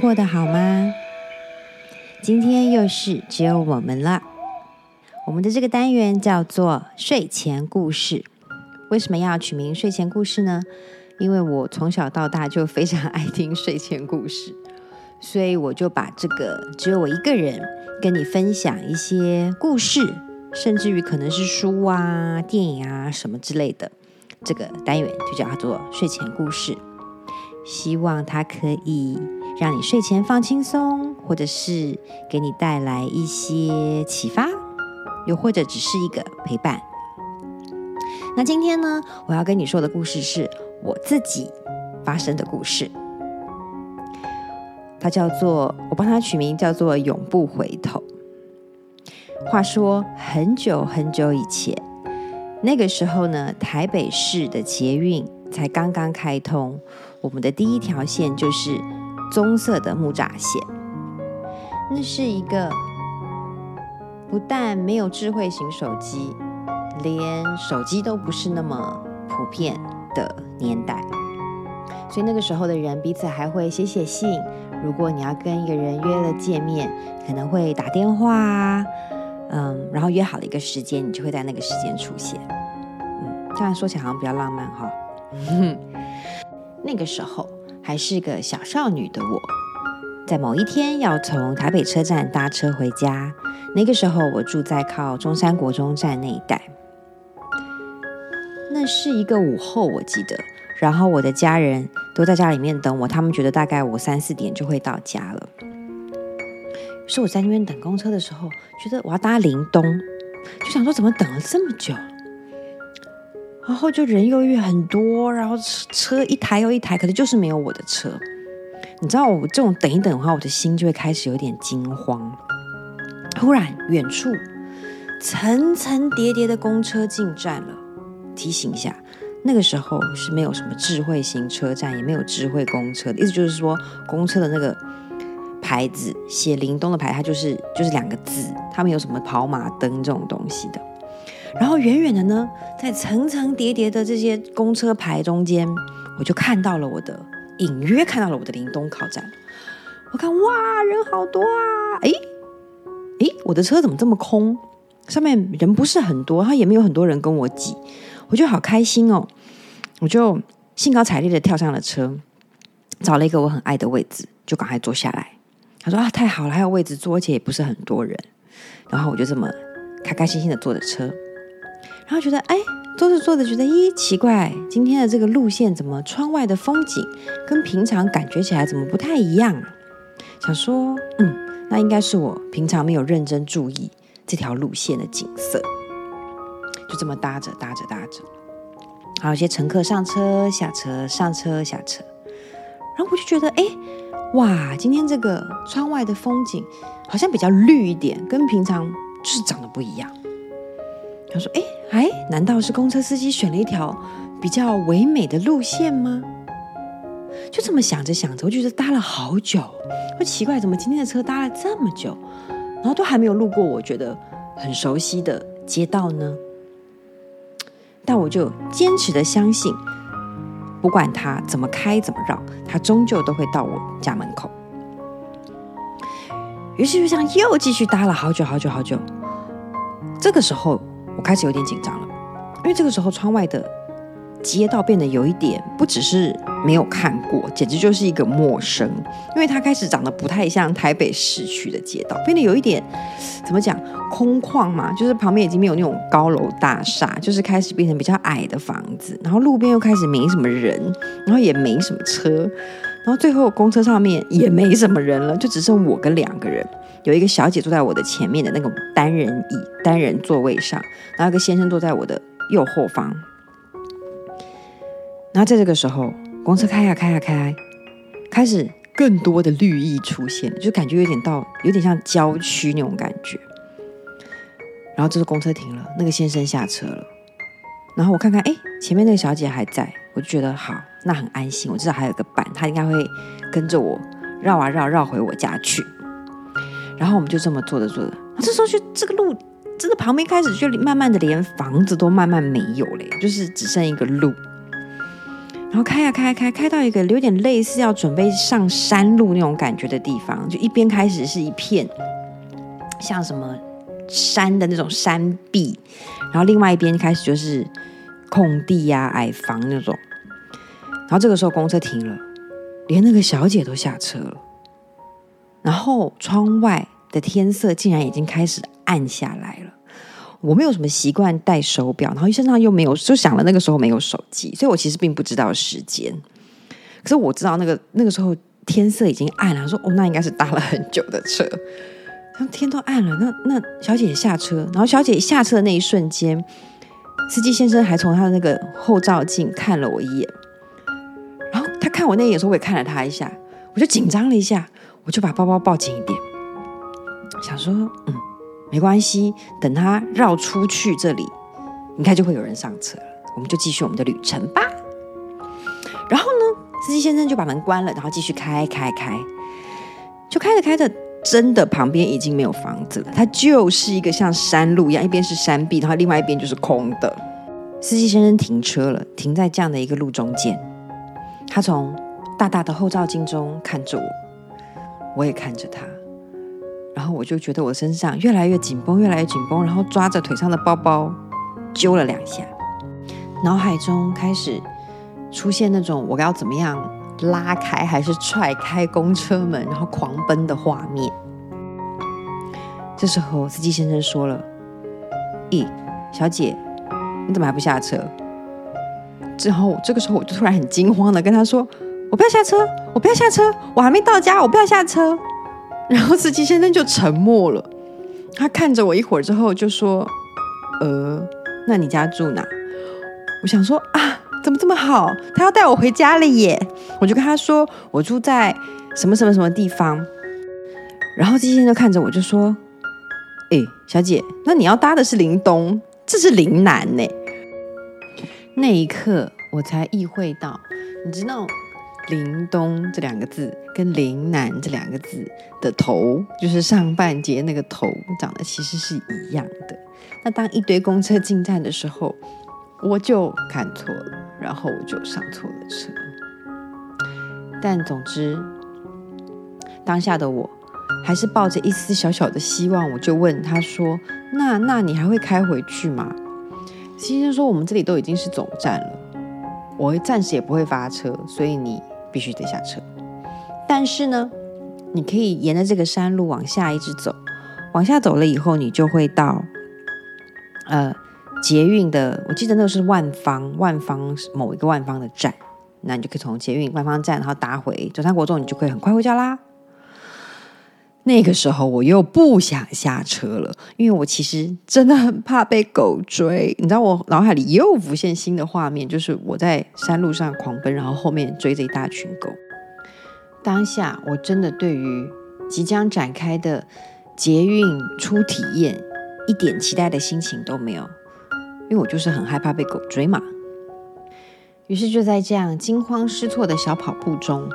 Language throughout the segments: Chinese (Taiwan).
過得好嗎？今天又是只有我們了。我們的這個單元叫做睡前故事。為什麼要取名睡前故事呢？因為我從小到大就非常愛聽睡前故事，所以我就把這個只有我一個人跟你分享一些故事，甚至於可能是書啊、電影啊什麼之類的，這個單元就叫做睡前故事。希望它可以。讓你睡前放輕鬆，或者是給你帶來一些啟發，又或者只是一個陪伴。那今天呢，我要跟你說的故事是我自己發生的故事，它叫做我幫它取名叫做《永不回頭》。話說很久很久以前，那個時候呢，台北市的捷運才剛剛開通，我們的第一條線就是。棕色的木柵線，那是一個不但沒有智慧型手機，連手機都不是那麼普遍的年代，所以那個時候的人彼此還會寫寫信。如果你要跟一個人約了見面，可能會打電話啊，嗯，然後約好了一個時間，你就會在那個時間出現。嗯，這樣說起來好像比較浪漫哈、哦。 那個時候。還是個小少女的我，在某一天要從台北車站搭車回家。那個時候我住在靠中山國中站那一帶，那是一個午後，我記得。然後我的家人都在家裡面等我，他們覺得大概我三四點就會到家了。所以我在那邊等公車的時候，覺得我要搭林東，就想說怎麼等了這麼久。然後就人又越很多，然後車車一台又一台，可是就是沒有我的車。你知道我這種等一等的話，我的心就會開始有點驚慌。突然，遠處層層疊疊疊的公車進站了。提醒一下，那個時候是沒有什麼智慧型車站，也沒有智慧公車的，意思就是說公車的那個牌子寫“林東”的牌，它就是就是兩個字，它沒有什麼跑馬燈這種東西的。然後遠遠的呢，在層層疊疊的這些公車牌中間，我就看到了我的，隱約看到了我的林東靠站。我看，哇，人好多啊！哎哎，我的車怎麼這麼空？上面人不是很多，他也沒有很多人跟我擠，我就好開心哦！我就興高采烈的跳上了車，找了一個我很愛的位置，就趕快坐下來。他說啊，太好了，還有位置坐，而且也不是很多人。然後我就這麼。開開心心的坐着車，然後覺得，哎、欸，坐着坐着覺得，咦，奇怪，今天的這個路線，怎麼窗外的風景跟平常感覺起來怎麼不太一樣？想說，嗯，那應該是我平常沒有認真注意這條路線的景色。就這麼搭着搭着搭着，好，有些乘客上車下車上車下車，然後我就覺得，哎、欸，哇，今天這個窗外的風景好像比較綠一點，跟平常。就是長得不一樣。他說：“哎哎，難道是公車司機選了一條比較唯美的路線嗎？”就這麼想着想着，我覺得搭了好久，我奇怪，怎麼今天的車搭了這麼久，然後都還沒有路過我覺得很熟悉的街道呢？但我就堅持的相信，不管它怎麼開怎麼繞，它終究都會到我家門口。於是就這樣又繼續搭了好久好久好久。這個時候，我開始有點緊張了，因為這個時候窗外的街道變得有一點，不只是沒有看過，簡直就是一個陌生。因為它開始長得不太像台北市區的街道，變得有一點，怎麼講，空曠嘛，就是旁邊已經沒有那種高樓大廈，就是開始變成比較矮的房子，然後路邊又開始沒什麼人，然後也沒什麼車，然後最後公車上面也沒什麼人了，就只剩我跟兩個人。有一個小姐坐在我的前面的那個單人椅單人座位上，然後一個先生坐在我的右後方。然後在這個時候，公車開呀開呀開，開始更多的綠意出現了，就是、感覺有點到有點像郊區那種感覺。然後就是公車停了，那個先生下車了。然後我看看，哎，前面那個小姐還在，我就覺得好，那很安心，我至少還有個伴，他應該會跟着我繞啊繞、啊，繞回我家去。然後我們就這麼坐着坐着，這時候就這個路真的旁邊開始就慢慢的連房子都慢慢沒有了，就是只剩一個路。然後開呀、啊、開開、啊、開，開到一個有點類似要準備上山路那種感覺的地方，就一邊開始是一片像什麼山的那種山壁，然後另外一邊開始就是空地呀、啊、矮房那種。然後這個時候公車停了，連那個小姐都下車了。然後窗外的天色竟然已經開始暗下來了。我沒有什麼習慣戴手錶，然後身上又沒有，就想了那個時候沒有手機，所以我其實並不知道時間。可是我知道那個那個時候天色已經暗了，說哦，那應該是搭了很久的車。天都暗了，那那小姐也下車，然後小姐下車的那一瞬間，司機先生還從他的那個後照鏡看了我一眼。然後他看我那眼的時候，我也看了他一下，我就緊張了一下。我就把包包抱緊一點，想說，嗯，沒關係，等他繞出去這裡，應該就會有人上車了，我們就繼續我們的旅程吧。然後呢，司機先生就把門關了，然後繼續開開開，就開着開着，真的旁邊已經沒有房子了，它就是一個像山路一樣，一邊是山壁，然後另外一邊就是空的。司機先生停車了，停在這樣的一個路中間，他從大大的後照鏡中看着我。我也看着他，然後我就覺得我身上越來越緊繃，越來越緊繃，然後抓着腿上的包包揪了兩下，腦海中開始出現那種我要怎麼樣拉開還是踹開公車門，然後狂奔的畫面。這時候司機先生說了：“咦、欸，小姐，你怎麼還不下車？”之後這個時候我就突然很驚慌的跟他說。我不要下車，我不要下車，我還沒到家，我不要下車。然後司機先生就沉默了，他看着我一會兒之後就說：“呃，那你家住哪？”我想說啊，怎麼這麼好，他要帶我回家了耶！我就跟他說：“我住在什麼什麼什麼地方。”然後司機先生就看着我就說：“欸，小姐，那你要搭的是林東，這是林南呢。”那一刻我才意會到，你知道。“林東”這兩個字跟“林南”這兩個字的頭，就是上半截那個頭，長得其實是一樣的。那當一堆公車進站的時候，我就看錯了，然後我就上錯了車。但總之，當下的我還是抱着一絲小小的希望，我就問他說：“那那你還會開回去嗎？”先生說：“我們這裡都已經是總站了，我暫時也不會發車，所以你。”必須得下車，但是呢，你可以沿着這個山路往下一直走，往下走了以後，你就會到，呃，捷運的，我記得那個是萬方，萬方某一個萬方的站，那你就可以從捷運萬方站，然後搭回中山國中，你就可以很快回家啦。那個時候我又不想下車了，因為我其實真的很怕被狗追。你知道，我腦海裡又浮現新的畫面，就是我在山路上狂奔，然後後面追着一大群狗。當下我真的對於即將展開的捷運初體驗一點期待的心情都沒有，因為我就是很害怕被狗追嘛。於是就在這樣驚慌失措的小跑步中，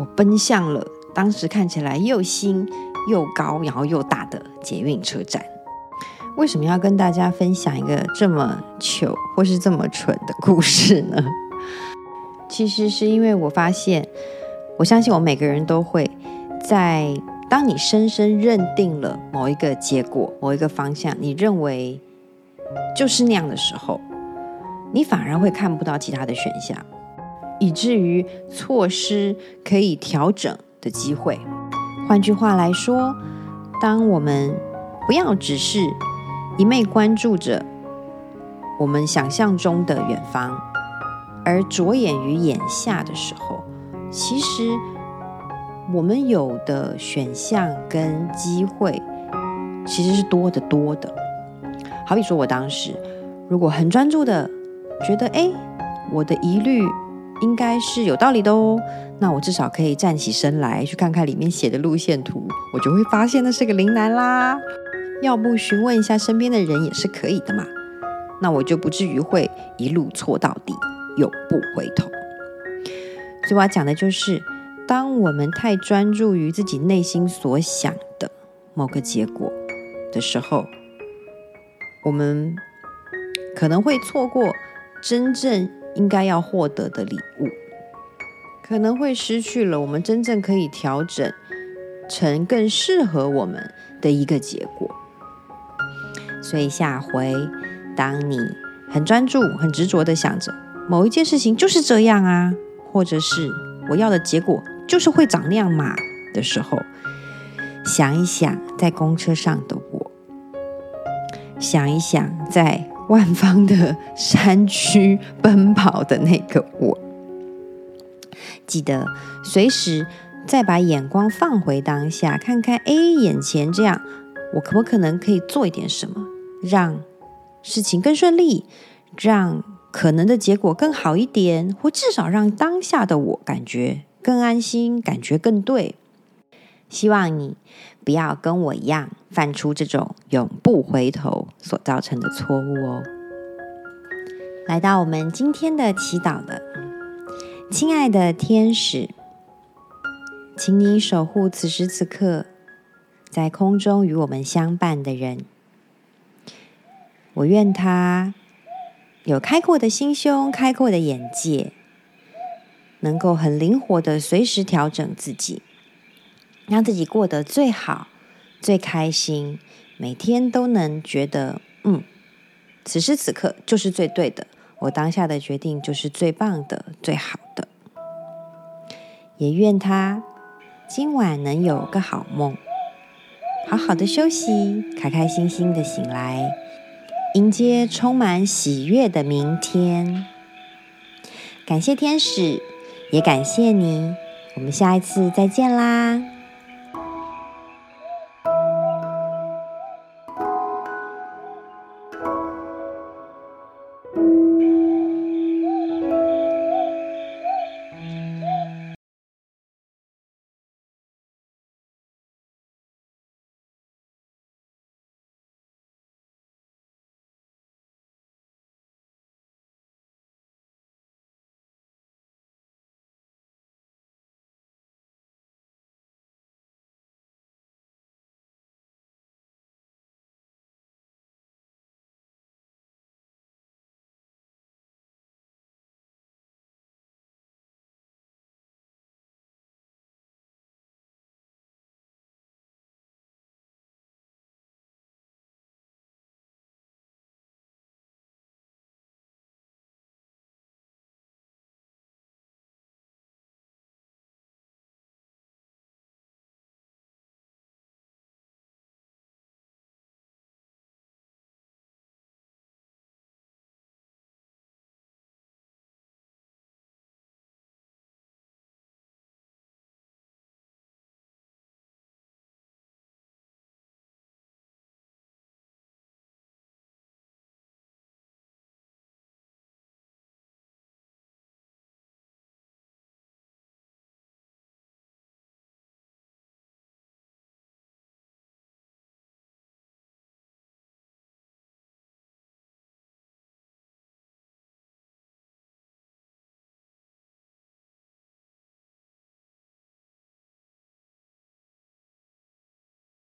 我奔向了當時看起來又新，又高然後又大的捷運車站。為什麼要跟大家分享一個這麼糗或是這麼蠢的故事呢？其實是因為我發現，我相信我每個人都會在，在當你深深認定了某一個結果、某一個方向，你認為就是那樣的時候，你反而會看不到其他的選項，以至於錯失可以調整的機會。換句話來說，當我們不要只是一味關注着我們想象中的遠方，而着眼於眼下的時候，其實我們有的選項跟機會其實是多得多的。好比說，我當時如果很專注的覺得，哎，我的疑慮。應該是有道理的哦，那我至少可以站起身來去看看裡面寫的路線圖，我就會發現那是個靈男啦。要不詢問一下身邊的人也是可以的嘛，那我就不至於會一路錯到底，永不回頭。所以我要講的就是，當我們太專注於自己內心所想的某個結果的時候，我們可能會錯過真正。應該要獲得的禮物，可能會失去了。我們真正可以調整成更適合我們的一個結果。所以下回，當你很專注、很執着地想着某一件事情就是這樣啊，或者是我要的結果就是會長那樣嘛的時候，想一想在公車上的我，想一想在。萬方的山區奔跑的那個我，記得隨時再把眼光放回當下，看看哎，眼前這樣，我可不可能可以做一點什麼，讓事情更順利，讓可能的結果更好一點，或至少讓當下的我感覺更安心，感覺更對。希望你不要跟我一樣犯出這種永不回頭所造成的錯誤哦。來到我們今天的祈禱了，親愛的天使，請你守護此時此刻在空中與我們相伴的人。我願他有開闊的心胸、開闊的眼界，能夠很靈活地隨時調整自己。讓自己過得最好、最開心，每天都能覺得嗯，此時此刻就是最對的，我當下的決定就是最棒的、最好的。也願他今晚能有個好夢，好好的休息，開開心心的醒來，迎接充滿喜悅的明天。感謝天使，也感謝你，我們下一次再見啦。